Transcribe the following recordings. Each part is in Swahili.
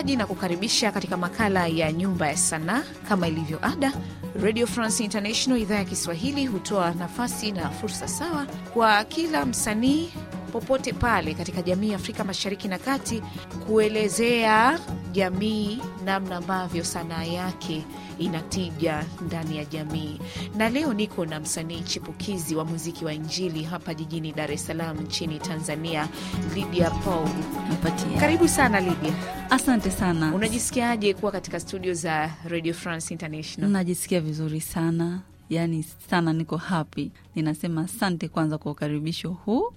msikilizaji na kukaribisha katika makala ya nyumba ya sanaa. Kama ilivyo ada, Radio France International idhaa ya Kiswahili hutoa nafasi na fursa sawa kwa kila msanii popote pale katika jamii ya Afrika Mashariki na Kati, kuelezea jamii namna ambavyo sanaa yake inatija ndani ya jamii. Na leo niko na msanii chipukizi wa muziki wa Injili hapa jijini Dar es Salaam nchini Tanzania, Lydia Paul. Mpatia. Karibu sana Lydia. Asante sana. Unajisikiaje kuwa katika studio za Radio France International? Najisikia vizuri sana, yani sana, niko happy. Ninasema asante kwanza kwa ukaribisho huu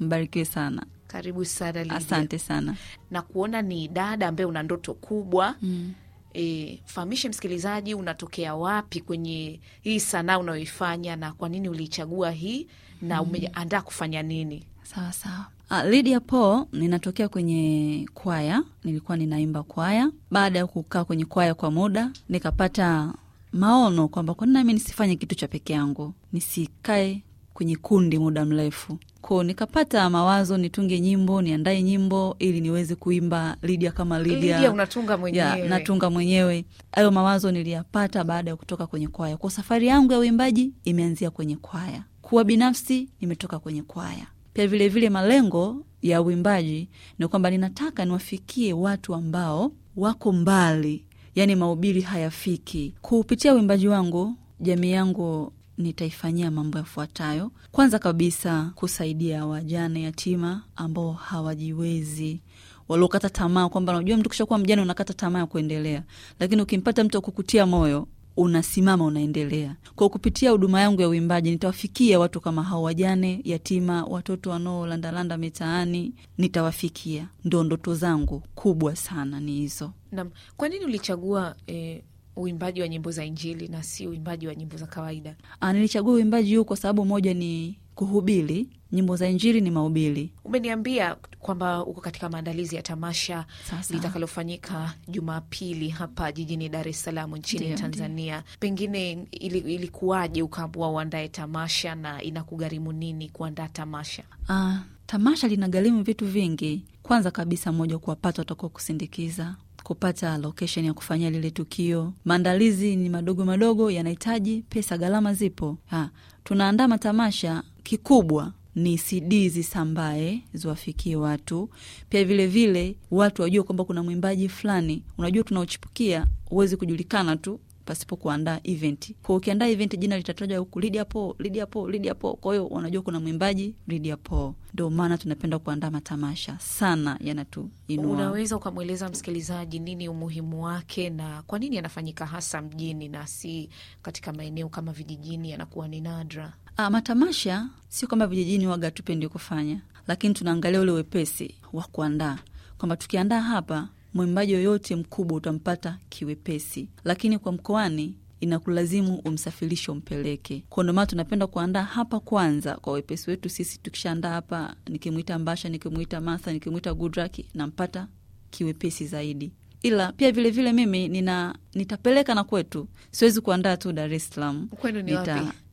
Mbarikiwe sana. Karibu sana Lidia. Asante sana na kuona ni dada ambaye una ndoto kubwa mm. E, fahamishe msikilizaji unatokea wapi kwenye hii sanaa unayoifanya na kwa nini uliichagua hii na mm. umeandaa kufanya nini? Sawa sawa. Ah, Lydia Paul, ninatokea kwenye kwaya, nilikuwa ninaimba kwaya. Baada ya kukaa kwenye kwaya kwa muda, nikapata maono kwamba kwa nini nami nisifanye kitu cha peke yangu, nisikae kwenye kundi muda mrefu ko nikapata mawazo nitunge nyimbo niandae nyimbo ili niweze kuimba lidia kama Lydia. unatunga mwenyewe. Ya, natunga mwenyewe. Hayo mawazo niliyapata baada ya kutoka kwenye kwaya. Kwa safari yangu ya uimbaji imeanzia kwenye kwaya. Kuwa binafsi nimetoka kwenye kwaya. Pia vilevile vile malengo ya uimbaji ni kwamba ninataka niwafikie watu ambao wako mbali, yani mahubiri hayafiki. Kupitia uimbaji wangu jamii yangu nitaifanyia mambo yafuatayo. Kwanza kabisa, kusaidia wajane yatima ambao hawajiwezi waliokata tamaa, kwamba unajua mtu kishakuwa mjane unakata tamaa ya kuendelea, lakini ukimpata mtu wa kukutia moyo unasimama unaendelea. Kwa kupitia huduma yangu ya uimbaji, nitawafikia watu kama hao, wajane yatima, watoto wanaolandalanda mitaani, nitawafikia. Ndo ndoto zangu kubwa sana ni hizo. Nam, kwa nini ulichagua e, uimbaji wa nyimbo za Injili na si uimbaji wa nyimbo za kawaida. Ah, nilichagua uimbaji huu kwa sababu moja ni kuhubiri nyimbo za Injili, ni mahubiri. Umeniambia kwamba uko katika maandalizi ya tamasha litakalofanyika Jumapili hapa jijini Dar es Salaam nchini Dio, Tanzania Dio. Pengine ilikuwaje ukaamua uandae tamasha na inakugharimu nini kuandaa tamasha? Ah, tamasha linagharimu vitu vingi. Kwanza kabisa, moja, kuwapata watakuwa kusindikiza kupata location ya kufanyia lile tukio. Maandalizi ni madogo madogo, yanahitaji pesa, gharama zipo. Ha, tunaandaa matamasha, kikubwa ni CD zisambae ziwafikie watu, pia vilevile vile, watu wajue kwamba kuna mwimbaji fulani. Unajua tunaochipukia huwezi kujulikana tu pasipo kuandaa event. Kwa ukiandaa event jina litatajwa huku Lydia Paul, Lydia Paul, Lydia Paul. Kwa hiyo wanajua kuna mwimbaji Lydia Paul. Ndio maana tunapenda kuandaa matamasha sana yanatuinua. Unaweza ukamweleza msikilizaji nini umuhimu wake na kwa nini yanafanyika hasa mjini na si katika maeneo kama vijijini yanakuwa ni nadra? Ah, matamasha sio kwamba vijijini waga tupendi kufanya, lakini tunaangalia ule wepesi wa kuandaa kwamba tukiandaa hapa mwimbaji yoyote mkubwa utampata kiwepesi, lakini kwa mkoani inakulazimu umsafirishe umpeleke. Kwa ndio maana tunapenda kuandaa hapa kwanza kwa wepesi wetu sisi. Tukishaandaa hapa, nikimwita Mbasha, nikimwita Martha, nikimwita Gudraki, nampata kiwepesi zaidi. Ila pia vilevile vile mimi nina nitapeleka na kwetu, siwezi kuandaa tu Dar es Salaam.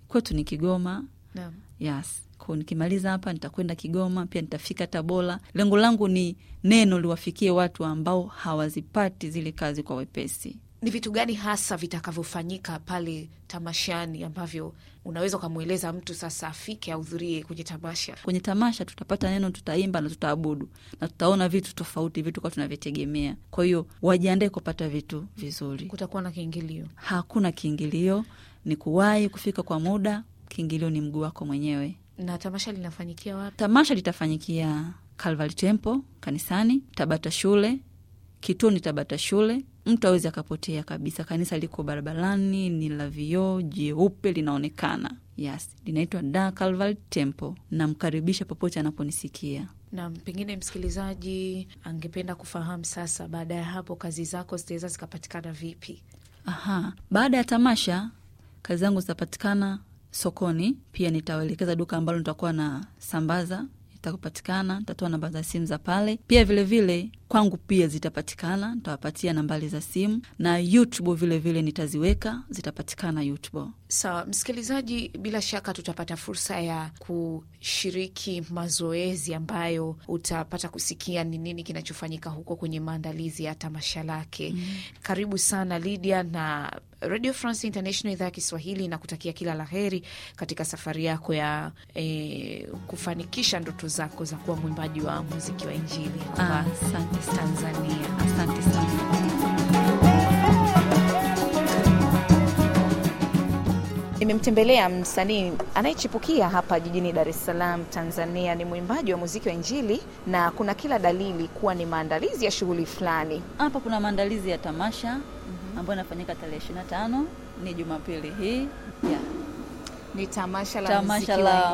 Kwetu ni Kigoma. Naam. Yes. Kwa nikimaliza hapa nitakwenda Kigoma, pia nitafika Tabora. Lengo langu ni neno liwafikie watu ambao hawazipati zile kazi kwa wepesi. Ni vitu gani hasa vitakavyofanyika pale tamashani ambavyo unaweza ukamweleza mtu sasa afike ahudhurie kwenye tamasha? Kwenye tamasha tutapata neno, tutaimba na tutaabudu na tutaona vitu tofauti, vitu kwa tunavyotegemea. Kwa hiyo wajiandae kupata vitu vizuri. Kutakuwa na kiingilio? Hakuna kiingilio, ni kuwahi kufika kwa muda, kiingilio ni mguu wako mwenyewe. Na tamasha linafanyikia wapi? Tamasha litafanyikia Calvary Temple kanisani, Tabata shule, kituo ni Tabata shule. Mtu awezi akapotea kabisa. Kanisa liko barabarani, ni la vioo jeupe linaonekana. Yes, linaitwa Da Calvary Temple. Namkaribisha popote anaponisikia na pengine msikilizaji angependa kufahamu sasa, baada ya hapo kazi zako zitaweza zikapatikana vipi? Aha, baada ya tamasha kazi zangu zitapatikana sokoni pia nitawelekeza duka ambalo nitakuwa na sambaza itakupatikana nitatoa namba za simu za pale pia vilevile vile, kwangu pia zitapatikana nitawapatia nambari za simu na youtube vilevile vile nitaziweka zitapatikana youtube Sawa msikilizaji, bila shaka tutapata fursa ya kushiriki mazoezi ambayo utapata kusikia ni nini kinachofanyika huko kwenye maandalizi ya tamasha lake. Mm. Karibu sana Lydia na Radio France International idhaa ya Kiswahili na kutakia kila la heri katika safari yako ya e, kufanikisha ndoto zako za kuwa mwimbaji wa muziki wa Injili kwa ah, Tanzania. Asante sana. Nimemtembelea msanii anayechipukia hapa jijini Dar es Salaam, Tanzania. Ni mwimbaji wa muziki wa Injili na kuna kila dalili kuwa ni maandalizi ya shughuli fulani. Hapa kuna maandalizi ya tamasha mhm. ambayo inafanyika tarehe 25 ni Jumapili hii yeah. Ni tamasha la tamasha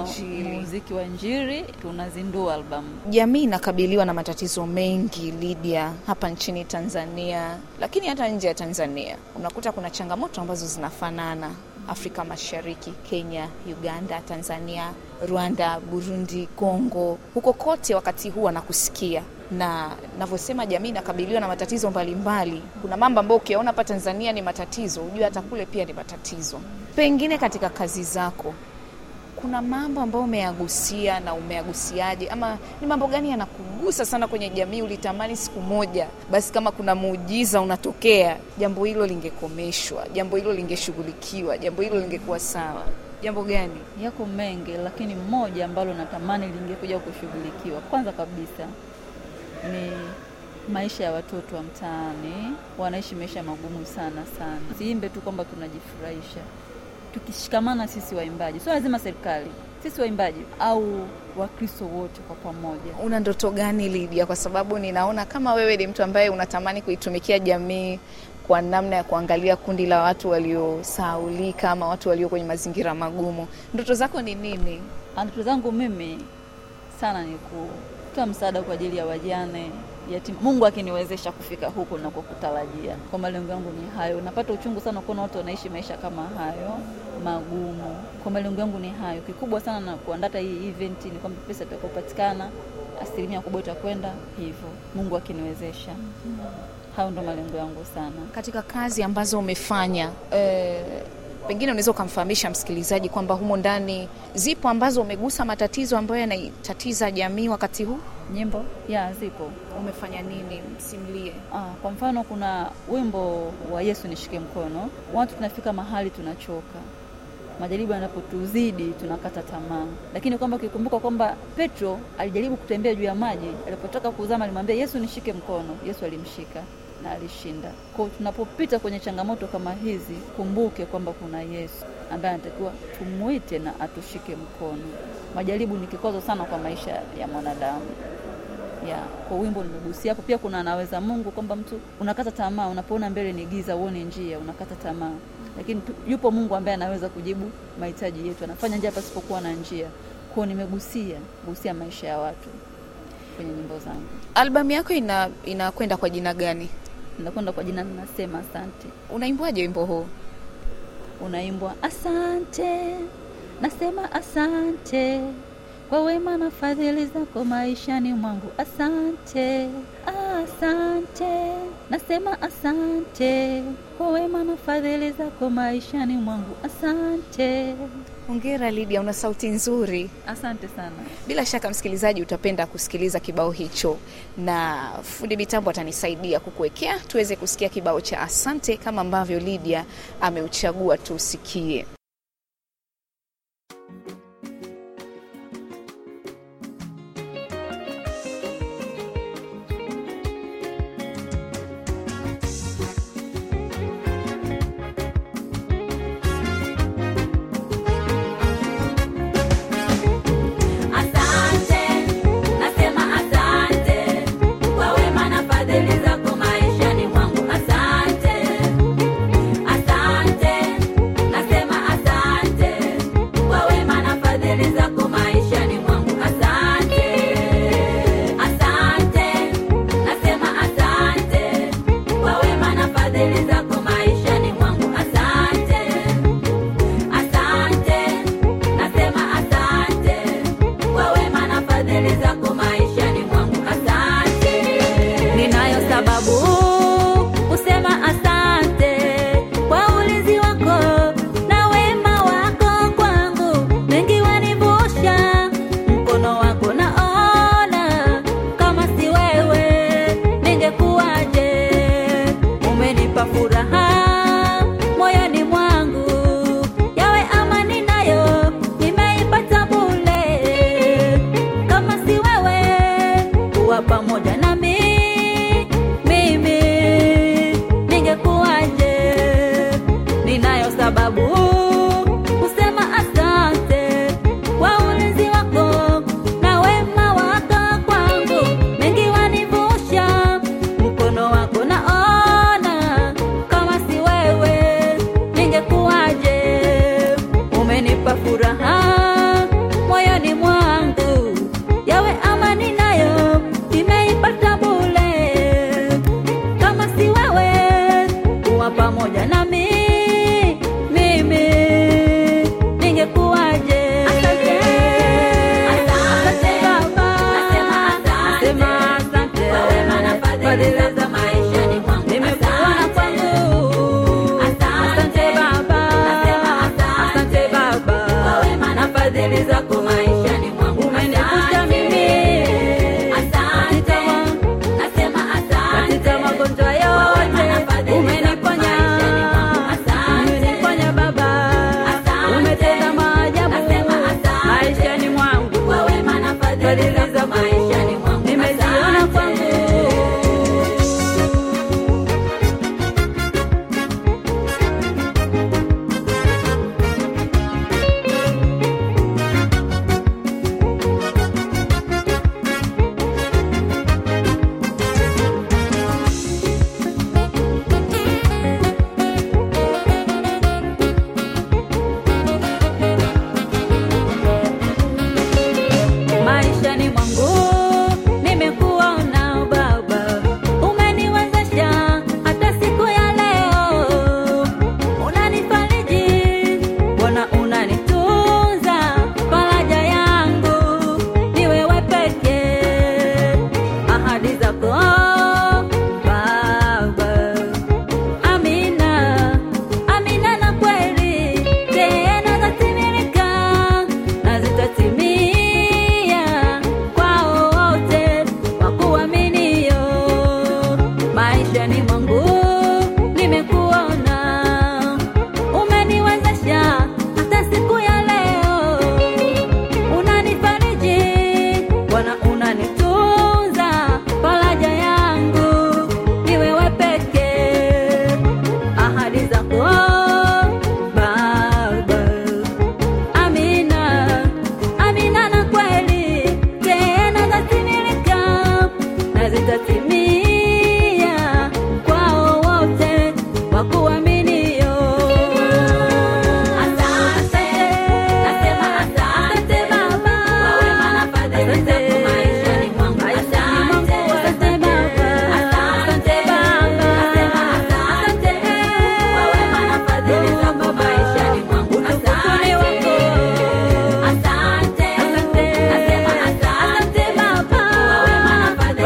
muziki wa Injili tunazindua albamu. Jamii inakabiliwa na matatizo mengi Lydia, hapa nchini Tanzania, lakini hata nje ya Tanzania unakuta kuna changamoto ambazo zinafanana. Afrika Mashariki, Kenya, Uganda, Tanzania, Rwanda, Burundi, Kongo, huko kote wakati huu wanakusikia na navyosema, jamii inakabiliwa na matatizo mbalimbali mbali. Kuna mambo ambayo ukiyaona hapa Tanzania ni matatizo, hujue hata kule pia ni matatizo. Pengine katika kazi zako kuna mambo ambayo umeyagusia na umeagusiaje ama ni mambo gani yanakugusa sana kwenye jamii, ulitamani siku moja basi kama kuna muujiza unatokea, jambo hilo lingekomeshwa, jambo hilo lingeshughulikiwa, jambo hilo lingekuwa sawa? Jambo gani? Yako mengi, lakini mmoja ambalo natamani lingekuja kushughulikiwa, kwanza kabisa ni maisha ya watoto wa mtaani. Wanaishi maisha magumu sana sana. Siimbe tu kwamba tunajifurahisha tukishikamana sisi waimbaji, sio lazima serikali, sisi waimbaji au Wakristo wote kwa pamoja. Una ndoto gani lidia Kwa sababu ninaona kama wewe ni mtu ambaye unatamani kuitumikia jamii kwa namna ya kuangalia kundi la watu waliosahaulika ama watu walio kwenye mazingira magumu. Ndoto zako ni nini? Ah, ndoto zangu mimi sana ni kutoa msaada kwa ajili ya wajane yatima, Mungu akiniwezesha kufika huku na kukutarajia. Kwa malengo yangu ni hayo. Napata uchungu sana kuona watu wanaishi maisha kama hayo magumu. Kwa malengo yangu ni hayo. Kikubwa sana na kuandata hii event ni kwamba pesa itakopatikana asilimia kubwa itakwenda hivyo, Mungu akiniwezesha. Hayo ndo malengo yangu sana katika kazi ambazo umefanya eh, Pengine unaweza ukamfahamisha msikilizaji kwamba humo ndani zipo ambazo umegusa matatizo ambayo yanaitatiza jamii wakati huu? Nyimbo ya zipo. Umefanya nini? Msimlie. Ah, kwa mfano kuna wimbo wa Yesu nishike mkono. Watu tunafika mahali tunachoka majaribu yanapotuzidi tunakata tamaa, lakini kwamba ukikumbuka kwamba Petro alijaribu kutembea juu ya maji, alipotaka kuzama alimwambia Yesu nishike mkono. Yesu alimshika alishinda. Kwa hiyo tunapopita kwenye changamoto kama hizi, kumbuke kwamba kuna Yesu ambaye anatakiwa tumwite na atushike mkono. Majaribu ni kikwazo sana kwa maisha ya mwanadamu. Ya, kwa wimbo nimegusia hapo. Pia kuna anaweza Mungu kwamba mtu unakata tamaa unapoona mbele ni giza, uone njia, unakata tamaa, lakini yupo Mungu ambaye anaweza kujibu mahitaji yetu, anafanya njia pasipokuwa na njia. Kwa nimegusia gusia maisha ya watu kwenye nyimbo zangu. Albamu yako inakwenda kwa jina gani? nakwenda kwa jina ninasema asante. Unaimbwaje wimbo huu? Unaimbwa asante, nasema asante kwa wema na fadhili zako maishani mwangu, asante, asante asante, nasema asante kwa wema na fadhili zako maishani mwangu, asante. Hongera lidia una sauti nzuri. Asante sana. Bila shaka msikilizaji, utapenda kusikiliza kibao hicho, na fundi mitambo atanisaidia kukuwekea tuweze kusikia kibao cha asante kama ambavyo lidia ameuchagua tusikie.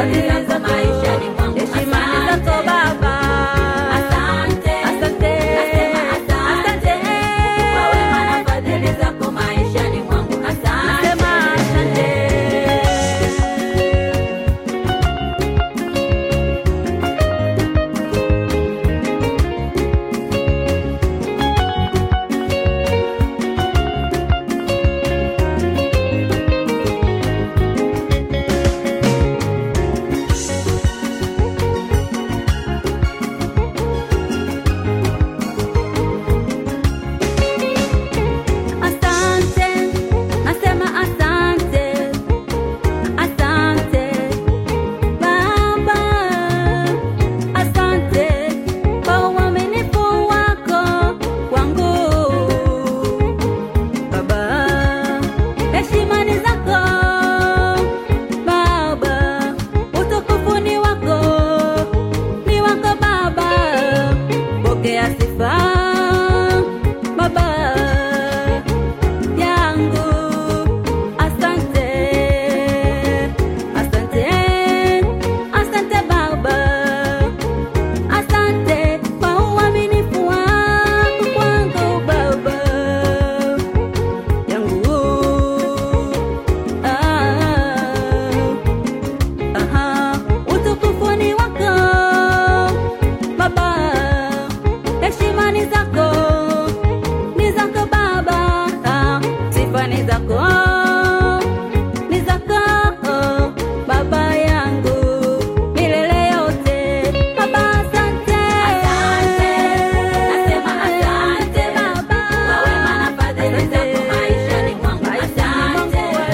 ¡Gracias!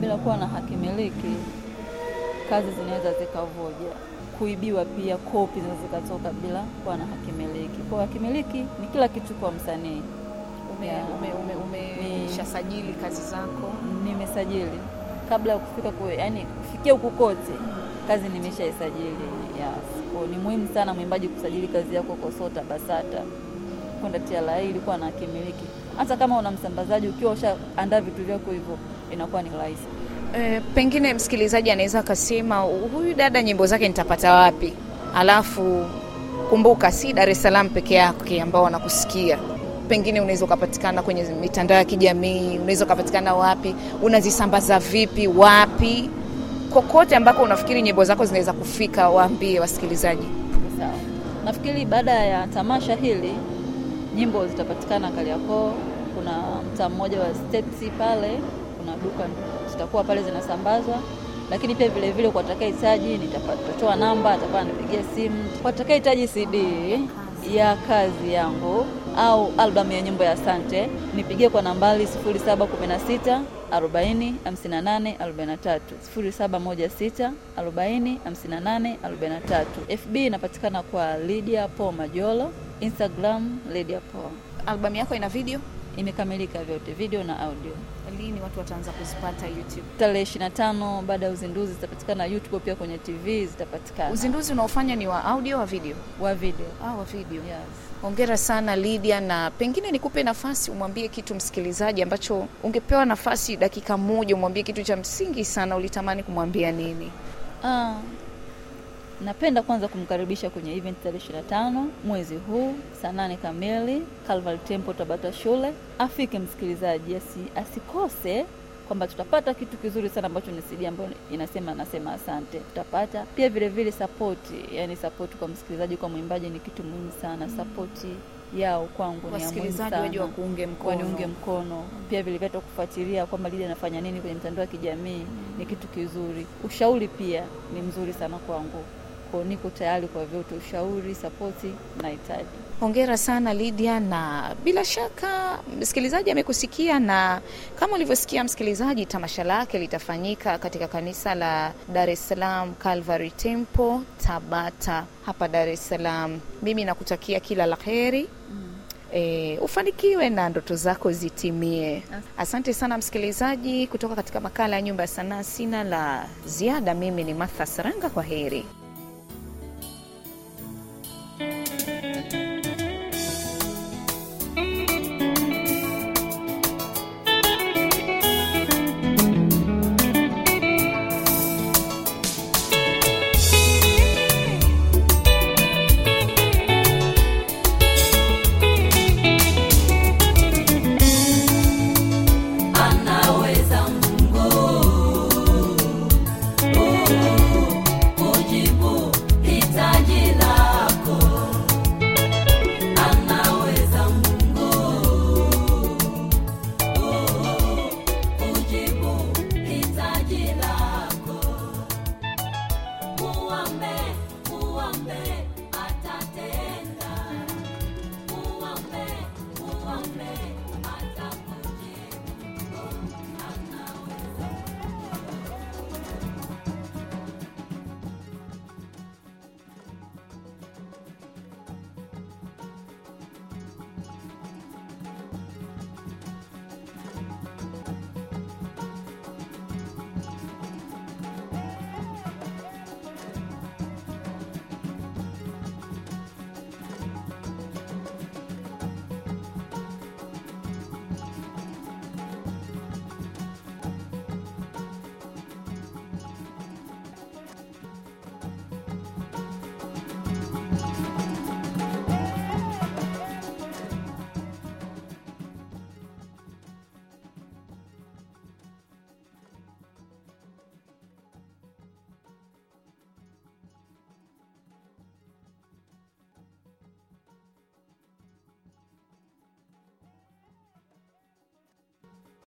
Bila kuwa na hakimiliki, kazi zinaweza zikavuja, kuibiwa pia, kopi zinaweza zikatoka bila kuwa na hakimiliki. Kwa hakimiliki ni kila kitu kwa msanii. Umeshasajili ume, ume, kazi zako? Nimesajili kabla ya kufika kwe, yani kufikia huku kote kazi nimeshaisajili. Yes. Ni muhimu sana mwimbaji kusajili kazi yako KOSOTA, BASATA kwenda TRA ilikuwa na hakimiliki. Hata kama una msambazaji, ukiwa ushaandaa vitu vyako hivyo inakuwa ni rahisi. E, pengine msikilizaji anaweza akasema huyu dada nyimbo zake nitapata wapi? Alafu kumbuka, si Dar es Salaam peke yake ambao wanakusikia pengine unaweza ukapatikana kwenye mitandao ya kijamii, unaweza ukapatikana wapi? Unazisambaza vipi? Wapi? Kokote ambako unafikiri nyimbo zako zinaweza kufika, waambie wasikilizaji. Sawa, nafikiri baada ya tamasha hili nyimbo zitapatikana Kariakoo. Kuna mtaa mmoja wa pale kuna duka zitakuwa pale zinasambazwa, lakini pia vile vile kwa atakayehitaji nitatoa namba, atakuwa anapigia simu. Kwa atakayehitaji CD ya kazi yangu au albamu ya nyimbo ya Asante nipigie kwa nambari 0716 40 FB inapatikana kwa Lydia Po Majolo, Instagram Lydia Po. Albamu yako ina video? imekamilika vyote, video na audio. Lini watu wataanza kuzipata YouTube? Tarehe 25 baada ya uzinduzi zitapatikana YouTube, pia kwenye TV zitapatikana. Uzinduzi unaofanya ni wa audio wa video? Wa video. Ah, wa video. Yes. Hongera sana Lydia, na pengine nikupe nafasi umwambie kitu msikilizaji ambacho ungepewa nafasi dakika moja umwambie kitu cha msingi sana, ulitamani kumwambia nini? Ah, Napenda kwanza kumkaribisha kwenye event tarehe 25 mwezi huu saa nane kamili Calvary Temple Tabata shule. Afike msikilizaji, asikose kwamba tutapata kitu kizuri sana ambacho ni CD ambayo inasema nasema asante. Tutapata pia vile vile support, yani support kwa msikilizaji, kwa mwimbaji ni kitu muhimu sana. Support yao kwangu ni muhimu sana, waje kuunge mkono, waniunge mkono Pia vile vile kufuatilia kwamba Lida anafanya nini kwenye mtandao wa kijamii Ni kitu kizuri, ushauri pia ni mzuri sana kwangu niko, niko tayari kwa vyote, ushauri, sapoti nahitaji. Hongera sana Lydia, na bila shaka msikilizaji amekusikia, na kama ulivyosikia msikilizaji, tamasha lake litafanyika katika kanisa la Dar es Salaam Calvary Temple Tabata hapa Dar es Salaam. Mimi nakutakia kila la heri mm. E, ufanikiwe na ndoto zako zitimie. Asante sana msikilizaji, kutoka katika makala ya Nyumba ya Sanaa sina la ziada. Mimi ni Martha Saranga, kwa heri.